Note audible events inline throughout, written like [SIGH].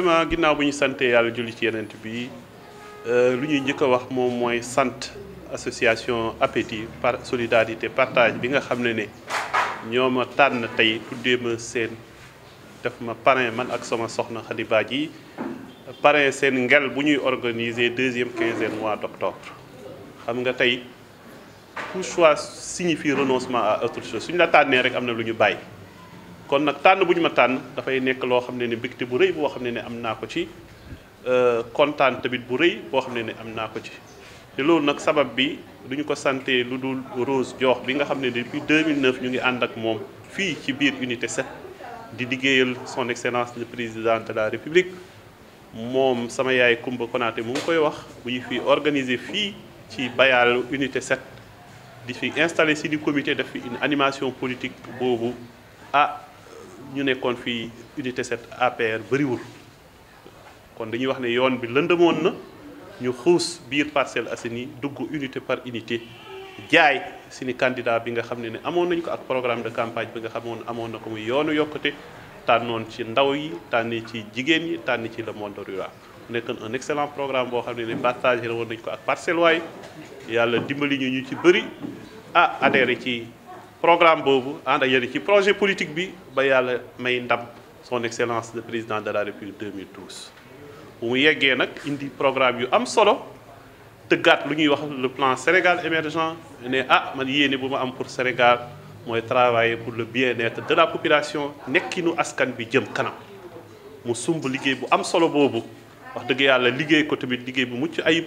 vraiment ginnaaw bu santé sante yàlla julli ci yenent bi euh ñuy njëkk wax association appétit par solidarité partage bi nga xamné né ñoma ñoo tay tànn ma seen def ma parrain man ak sama soxna khadiba ji parrain seen ngel bu ñuy organiser deuxième quinzaine mois d'octobre xam nga tay tout choix signifie renoncement à autre chose suñu la tànnee rek amna na lu ñu kon nag tànn bu ñu ma tànn dafay nekk loo xam ne ne mbégte bu rëy boo xam ne ne am naa ko ci euh, kontaan tamit bu rëy boo xam ne ni am naa ko ci te loolu nag sabab bi duñu ko santee lu dul Rose Diokh bi nga xam ne depuis 2009 ñu ngi ànd ak moom fii ci biir unité 7 di liggéeyal son excellence le président de la république moom sama yaay Kumba Konaté mu ngi koy wax bu ñu fi organiser fii ci Bayal unité 7 di fi installé si di comité def fi une animation politique boobu ah, ñu nekkoon fii unité set APR bariwul kon dañuy wax ne yoon bi lëndëmoon na ñu xuus biir Parcelles Assainies dugg unité par unité jaay suñu candidat bi nga xam ne ne amoon nañu ko ak programme de campagne bi nga xamoon amoon na ko muy yoonu yokkute tànnoon ci ndaw yi tànn ci jigéen yi tànn ci le monde rural nekk un excellent programme boo xam ne ne partagé woon nañu ko ak parcelle waay yàlla dimbali ñu ñu ci bëri ah adhéré ci programme bobo, ànd ak yéen ci projet politique bi ba yàlla may ndam son excellence le président de la république 2012 bu mu yeggee indi programme yu am solo tëggaat lu ñuy wax le plan Sénégal émergent ne a ah, man yéene bu am pour Sénégal mooy travailler pour le bien-être de la population nekkinu askan bi jëm kanam mu sumb liggéey bu am solo bobo, wax dëgg yàlla liggéey ko tamit liggéey bu mucc ayib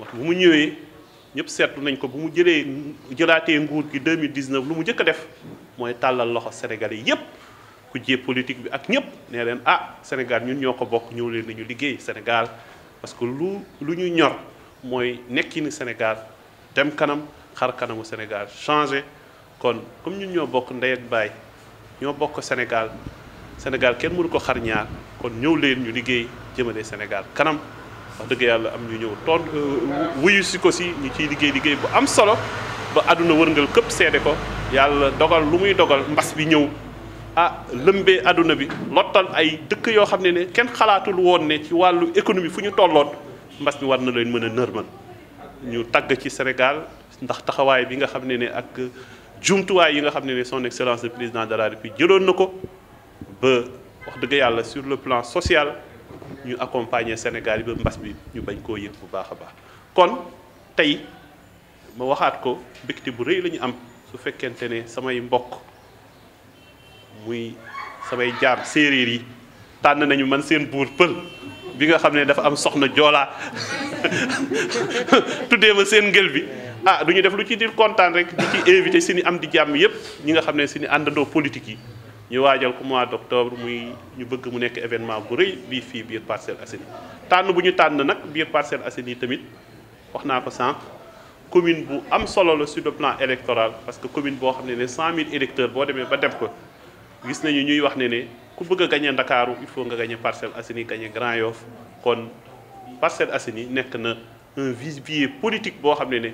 wax bu mu ñëwee ñëpp seetlu nañ ko bu mu jëlee jëlaatee nguur gi 2019 lu mu njëkk a def mooy tàllal loxo Sénégalais yépp ku jee politique bi ak ñëpp nee leen ah Sénégal ñun ñoo ko bokk ñëw leen ñu liggéey senegal parce que lu lu ñu ñor mooy nekkinu Sénégal dem kanam xar kanamu Sénégal changé kon comme ñun ñoo bokk ndey ak baay ñoo bokk Sénégal Sénégal kenn mënu ko xar ñaar kon ñëw leen ñu liggéey jëmale Sénégal kanam wax dëgg yàlla am ñu ñëw toon euh, wuyu si ko si ñu ciy liggéey liggéey bu am solo ba àdduna wërngal këpp seede ko yàlla dogal lu muy dogal mbas bi ñëw ah lëmbee àdduna bi lottal ay dëkk yoo xam ne ne kenn xalaatul woon ne ci wàllu économie fu ñu tolloon mbas bi war na leen mën a nërmal ñu tagg ci Sénégal ndax taxawaay bi nga xam ne ne ak jumtuwaay yi nga xam ne ne son excellence le président de la république jëloon na ko ba wax dëgg yàlla sur le plan social ñu accompagner Sénégal yi ba mbas bi ñu bañ koo yëg bu baax a baax kon tey ma waxaat ko mbégte bu rëy la ñu am su fekkente ne samay mbokk muy samay jaam séeréer yi tànn nañu man seen buur pël bi nga xam ne dafa am soxna joolaa [LAUGHS] tuddee ma seen ngël bi ah du ñu def lu ci di kontaan rek di ci invité suñu am di jàmm yépp ñi nga xam ne suñu àndandoo politique yi ñu waajal ko mois d' octobre muy ñu bëgg mu nekk événement bu rëy bii fii biir Parcelles Assainies tànn bu ñu tànn nag biir Parcelles Assainies tamit wax naa ko sànq commune bu am solo la sur le plan électoral parce que commune boo xam ne ne 100000 électeurs boo demee ba dem ko gis nañu ñuy wax ne ne ku bëgg a gagné Ndakaaru il faut nga gagné Parcelles Assainies gagné Grand Yoff kon Parcelles Assainies nekk na un vivier politique boo xam ne ne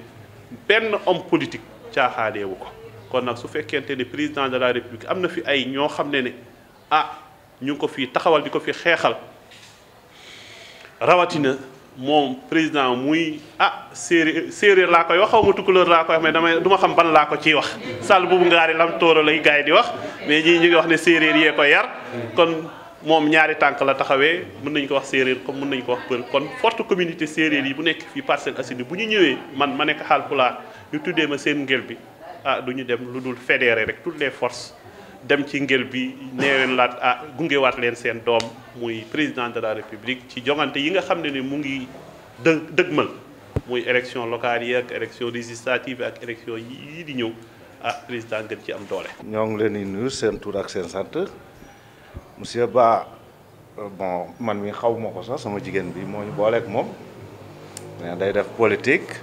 benn homme politique caaxaaneewu ko. kon nag su fekkente ni président de la république fi ay ne ah ñu ko fi taxawal di fi rawatina président muy ah séeréer séeréer laa koy wax xaw ma tukkulóor koy wax mais damay xam ban ko wax bubu lam lay di wax mais ñu ngi wax ne séeréer yee ko yar kon moom ñaari tànk la taxawee mën nañ ko wax séeréer comme mën nañ ko wax pël kon forte communauté séeréer bu nekk bu ñu man ma nekk ñu ma seen ngel bi ah du ñu dem lu dul fédérer rek toutes les forces dem ci ngel bi nee laat ah gungewaat leen seen doom muy président de la république ci jongante yi nga xam ne ni mu ngi dë dëgmal muy élection locale yi ak élection législative ak élection yii di ñëw ah président gën ci am doole. ñoo ngi leen di nuyu seen tur ak seen sant monsieur Ba euh, bon man mi xawuma ko sax sama jigéen bi moo ñu booleeg moom mais day def politique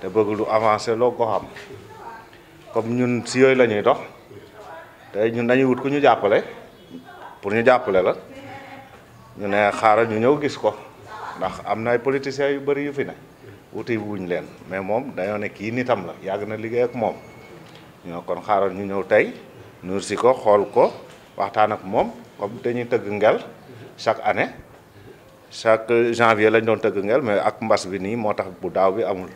te bëgg lu avancer loo ko xam. comme ñun si yooyu la ñuy dox tey ñun dañuy wut ku ñu jàppale pour ñu jàppale la ñu ne xaaral ñu ñëw gis ko ndax am na ay politiciens yu bari yu fi ne wuti wuñ leen mais moom dañoo ne kii nitam la yàgg na liggéey ak moom ñu kon xaaral ñu ñëw tey nuur si ko xool ko waxtaan ak moom comme dañuy tëgg ngel chaque année chaque janvier lañ doon tëgg ngel mais ak mbas bi nii moo tax bu daaw bi amul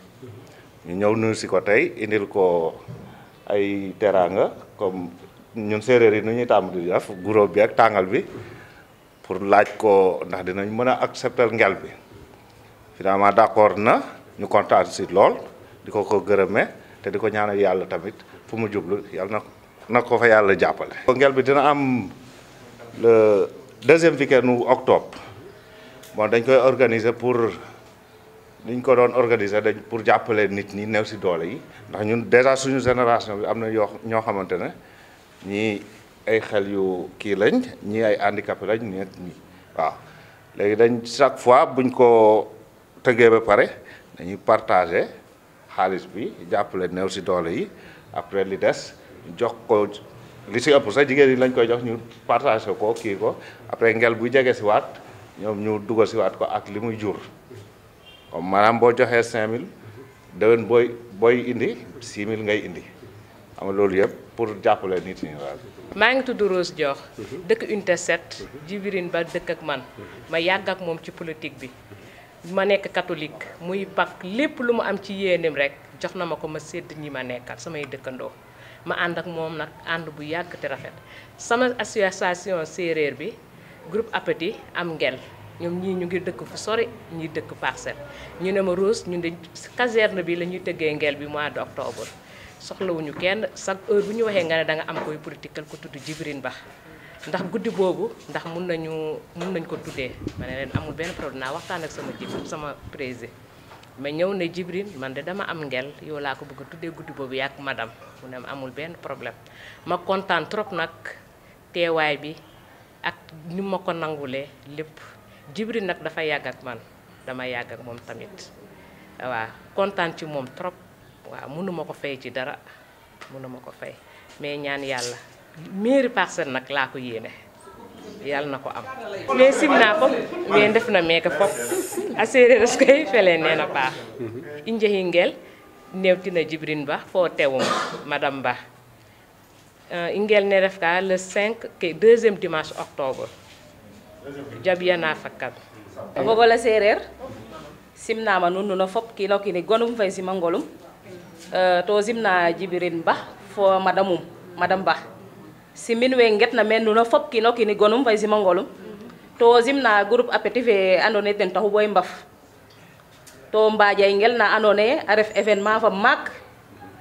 ñu ñëw nuur si ko tey indil ko ay teraanga comme ñun séeréer yi nu ñuy tàmm di def guro bi ak tàngal bi pour laaj ko ndax dinañ mën a accepter ngel bi finalement d'accord na ñu kontaan si lool di ko ko gërëmee te di ko ñaanal yàlla tamit fu mu jublu yàlla na na ko fa yàlla jàppale. ngel bi dina am le deuxième week-end octobre bon dañ koy organiser pour. niñ ko doon organiser dañ pour jàppale nit ñi néew si doole yi ndax ñun déjà suñu génération bi am na yoo ñoo xamante ne ñii ay xel yu kii lañ ñii ay handicapé lañ ñeent ñi waaw léegi dañ chaque fois buñ ko tëggee ba pare dañuy partager xaalis bi jàppale néew si doole yi après li des jox ko li si ëpp sax jigéen yi lañ koy jox ñu partager ko kii ko après ngel bu jege si waat ñoom ñu dugal si waat ko ak li muy jur Malam bo joxe 5000 cinq boy boy booy indi 6000 ngay indi am nga yeb pour jappale nit ni daal. ma ngi tuddu Rose Dior deuk unité 7 Ba deuk ak man ma yag ak mom ci politique bi ma nek catholique muy pak lepp lu mu am ci yéenim rek jox na ma ko ma sédd ñi ma nekkat samay dëkkandoo ma and ak mom nak and bu yag te rafet sama association séeréer bi groupe appétit am ngel ñom ñi ñu ngi dëkk fu sori ñi dëkk parcelle ñu ne ma Rose ñun de caserne bi lañu ñuy tëggee ngeel bi mois d'octobre soxla wuñu kenn chaque heure bu ñu waxee nga ne da nga am koy political ko tudd Jibrine bax ndax guddi boobu ndax mun nañu mun nañ ko tuddee ma ne leen amul benn problème naa waxtaan ak sama jib sama président ma ñëw ne Jibrine man de dama am ngel yow laa ko bëgg a tuddee guddi boobu yàgg madame mu ne amul benn problème ma kontaan trop nag teewaay bi ak ni ma ko nangulee lépp Jibril nag dafa yàgg ak man dama yàgg ak moom tamit waaw kontaan ci moom trop waaw mënuma ko fay ci dara mënuma ko fay mais ñaan yàlla mairie parcelle nag laa ko yéene yàlla na ko am mais sim naa ko mais def na meeke fop a séeréer as koy felee nee na baax mhm. i njexi ngeel newtina Jibril Ba foo tewum madam Ba euh, i ngeel ne def ka le 5 ke deuxième dimanche octobre jabiyana fakkam agogola serer simnama nunnuna fop kino kini gonum fay simangolum uh, to simna jibirin ba fo madamum madam ba simin we ngetna men nuna fop kino kini gonum fay simangolum to simna groupe apetife andone ten taxu boy mbaf to mbajay ngel na andone ref événement fa mak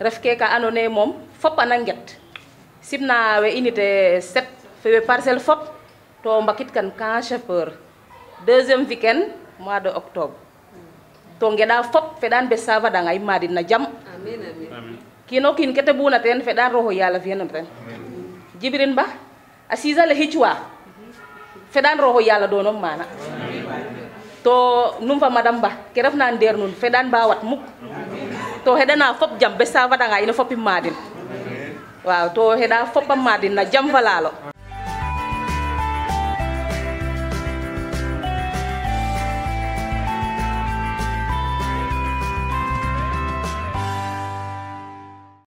ref ke ka andone mom fop ana simna we unité 7 fe we parcelle fop to kan ka chauffeur deuxième weekend mois de octobre to ngeda fop fedan be sava danga i madin na jam kino kin kete buna ten fedan roho fi fiyanam ten jibirin ba asiza le le fe dan roho do ya donom mana to num fa madam ba ke nan der nun feɗan ba wat muk to hedana fop jam be sava ngay no fop madin waaw to heɗa fop madin na jam falalo